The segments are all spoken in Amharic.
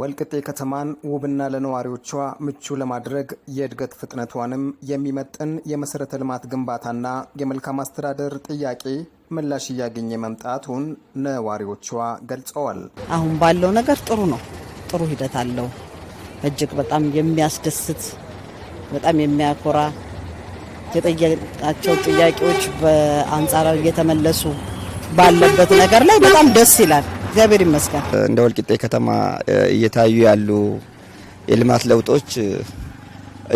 ወልቅጤ ከተማን ውብና ለነዋሪዎቿ ምቹ ለማድረግ የእድገት ፍጥነቷንም የሚመጥን የመሠረተ ልማት ግንባታና የመልካም አስተዳደር ጥያቄ ምላሽ እያገኘ መምጣቱን ነዋሪዎቿ ገልጸዋል። አሁን ባለው ነገር ጥሩ ነው፣ ጥሩ ሂደት አለው። እጅግ በጣም የሚያስደስት በጣም የሚያኮራ የጠየቃቸው ጥያቄዎች በአንጻራዊ እየተመለሱ ባለበት ነገር ላይ በጣም ደስ ይላል። እግዚአብሔር ይመስገን። እንደ ወልቂጤ ከተማ እየታዩ ያሉ የልማት ለውጦች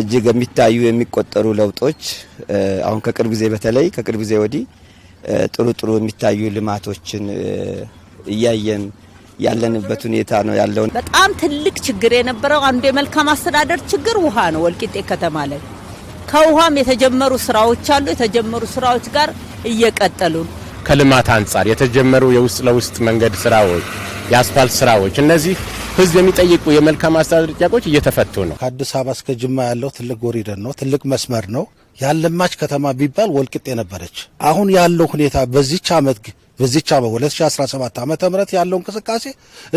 እጅግ የሚታዩ የሚቆጠሩ ለውጦች አሁን ከቅርብ ጊዜ በተለይ ከቅርብ ጊዜ ወዲህ ጥሩ ጥሩ የሚታዩ ልማቶችን እያየን ያለንበት ሁኔታ ነው ያለውን። በጣም ትልቅ ችግር የነበረው አንዱ የመልካም አስተዳደር ችግር ውሃ ነው። ወልቂጤ ከተማ ላይ ከውሃም የተጀመሩ ስራዎች አሉ። የተጀመሩ ስራዎች ጋር እየቀጠሉ ከልማት አንጻር የተጀመሩ የውስጥ ለውስጥ መንገድ ስራዎች፣ የአስፋልት ስራዎች እነዚህ ህዝብ የሚጠይቁ የመልካም አስተዳደር ጥያቄዎች እየተፈቱ ነው። ከአዲስ አበባ እስከ ጅማ ያለው ትልቅ ጎሪደር ነው፣ ትልቅ መስመር ነው። ያለማች ከተማ ቢባል ወልቅጤ ነበረች። አሁን ያለው ሁኔታ በዚች አመት በዚች በ2017 ዓ ም ያለው እንቅስቃሴ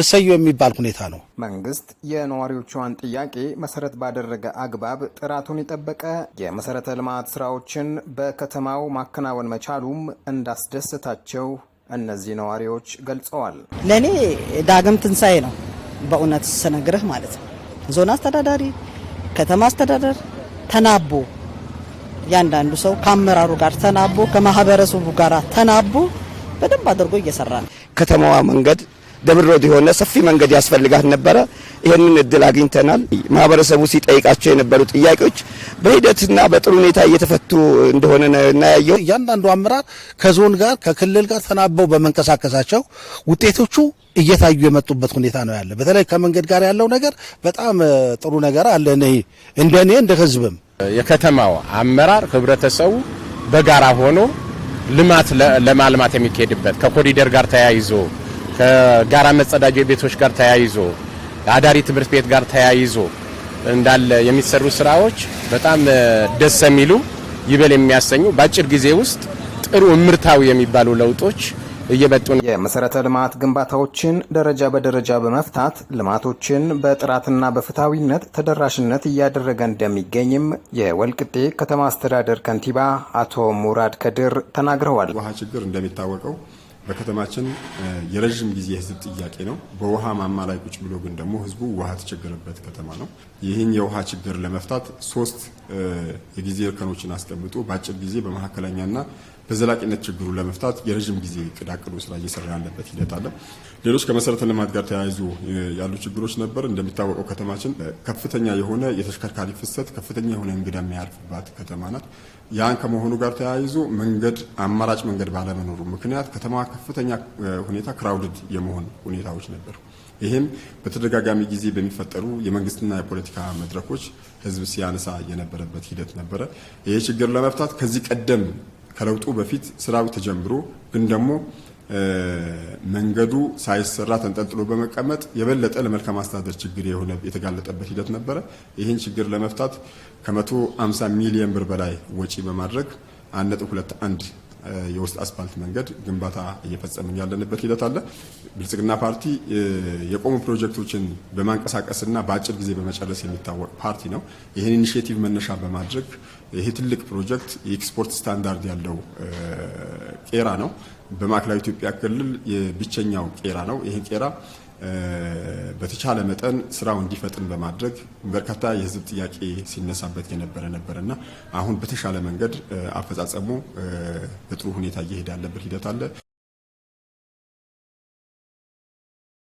እሰዩ የሚባል ሁኔታ ነው። መንግስት የነዋሪዎቿን ጥያቄ መሰረት ባደረገ አግባብ ጥራቱን የጠበቀ የመሰረተ ልማት ስራዎችን በከተማው ማከናወን መቻሉም እንዳስደስታቸው እነዚህ ነዋሪዎች ገልጸዋል። ለእኔ ዳግም ትንሣኤ ነው በእውነት ስነግርህ ማለት ነው። ዞን አስተዳዳሪ፣ ከተማ አስተዳደር ተናቦ ያንዳንዱ ሰው ከአመራሩ ጋር ተናቦ ከማህበረሰቡ ጋር ተናቦ በደንብ አድርጎ እየሰራ ነው። ከተማዋ መንገድ ደብል ሮድ የሆነ ሰፊ መንገድ ያስፈልጋት ነበረ። ይህንን እድል አግኝተናል። ማህበረሰቡ ሲጠይቃቸው የነበሩ ጥያቄዎች በሂደትና በጥሩ ሁኔታ እየተፈቱ እንደሆነ እናያየው። እያንዳንዱ አመራር ከዞን ጋር ከክልል ጋር ተናበው በመንቀሳቀሳቸው ውጤቶቹ እየታዩ የመጡበት ሁኔታ ነው ያለ። በተለይ ከመንገድ ጋር ያለው ነገር በጣም ጥሩ ነገር አለ። እንደኔ እንደ ህዝብም የከተማው አመራር ህብረተሰቡ በጋራ ሆኖ ልማት ለማልማት የሚካሄድበት ከኮሪደር ጋር ተያይዞ ከጋራ መጸዳጃ ቤቶች ጋር ተያይዞ አዳሪ ትምህርት ቤት ጋር ተያይዞ እንዳለ የሚሰሩ ስራዎች በጣም ደስ የሚሉ ይበል የሚያሰኙ በአጭር ጊዜ ውስጥ ጥሩ እምርታዊ የሚባሉ ለውጦች እየመጡን የመሰረተ ልማት ግንባታዎችን ደረጃ በደረጃ በመፍታት ልማቶችን በጥራትና በፍትሐዊነት ተደራሽነት እያደረገ እንደሚገኝም የወልቅጤ ከተማ አስተዳደር ከንቲባ አቶ ሙራድ ከድር ተናግረዋል። ውሃ ችግር እንደሚታወቀው በከተማችን የረዥም ጊዜ የህዝብ ጥያቄ ነው። በውሃ ማማ ላይ ቁጭ ብሎ ግን ደግሞ ህዝቡ ውሃ ተቸገረበት ከተማ ነው። ይህን የውሃ ችግር ለመፍታት ሶስት የጊዜ እርከኖችን አስቀምጦ በአጭር ጊዜ በመካከለኛና በዘላቂነት ችግሩ ለመፍታት የረዥም ጊዜ ቅዳቅዶ ስራ እየሰራ ያለበት ሂደት አለ። ሌሎች ከመሰረተ ልማት ጋር ተያይዞ ያሉ ችግሮች ነበር። እንደሚታወቀው ከተማችን ከፍተኛ የሆነ የተሽከርካሪ ፍሰት፣ ከፍተኛ የሆነ እንግዳ የሚያርፍባት ከተማ ናት። ያን ከመሆኑ ጋር ተያይዞ መንገድ አማራጭ መንገድ ባለመኖሩ ምክንያት ከተማ ከፍተኛ ሁኔታ ክራውድድ የመሆን ሁኔታዎች ነበሩ። ይህም በተደጋጋሚ ጊዜ በሚፈጠሩ የመንግስትና የፖለቲካ መድረኮች ህዝብ ሲያነሳ የነበረበት ሂደት ነበረ። ይህ ችግር ለመፍታት ከዚህ ቀደም ከለውጡ በፊት ስራው ተጀምሮ ግን ደግሞ መንገዱ ሳይሰራ ተንጠልጥሎ በመቀመጥ የበለጠ ለመልካም አስተዳደር ችግር የሆነ የተጋለጠበት ሂደት ነበረ። ይህን ችግር ለመፍታት ከ 150 ሚሊዮን ብር በላይ ወጪ በማድረግ አንድ ሁለት አንድ የውስጥ አስፓልት መንገድ ግንባታ እየፈጸምን ያለንበት ሂደት አለ። ብልጽግና ፓርቲ የቆሙ ፕሮጀክቶችን በማንቀሳቀስና በአጭር ጊዜ በመጨረስ የሚታወቅ ፓርቲ ነው። ይህን ኢኒሽቲቭ መነሻ በማድረግ ይህ ትልቅ ፕሮጀክት የኤክስፖርት ስታንዳርድ ያለው ቄራ ነው። በማዕከላዊ ኢትዮጵያ ክልል የብቸኛው ቄራ ነው። ይህ ቄራ በተቻለ መጠን ስራው እንዲፈጥን በማድረግ በርካታ የህዝብ ጥያቄ ሲነሳበት የነበረ ነበር እና አሁን በተሻለ መንገድ አፈጻጸሙ በጥሩ ሁኔታ እየሄደ ያለበት ሂደት አለ።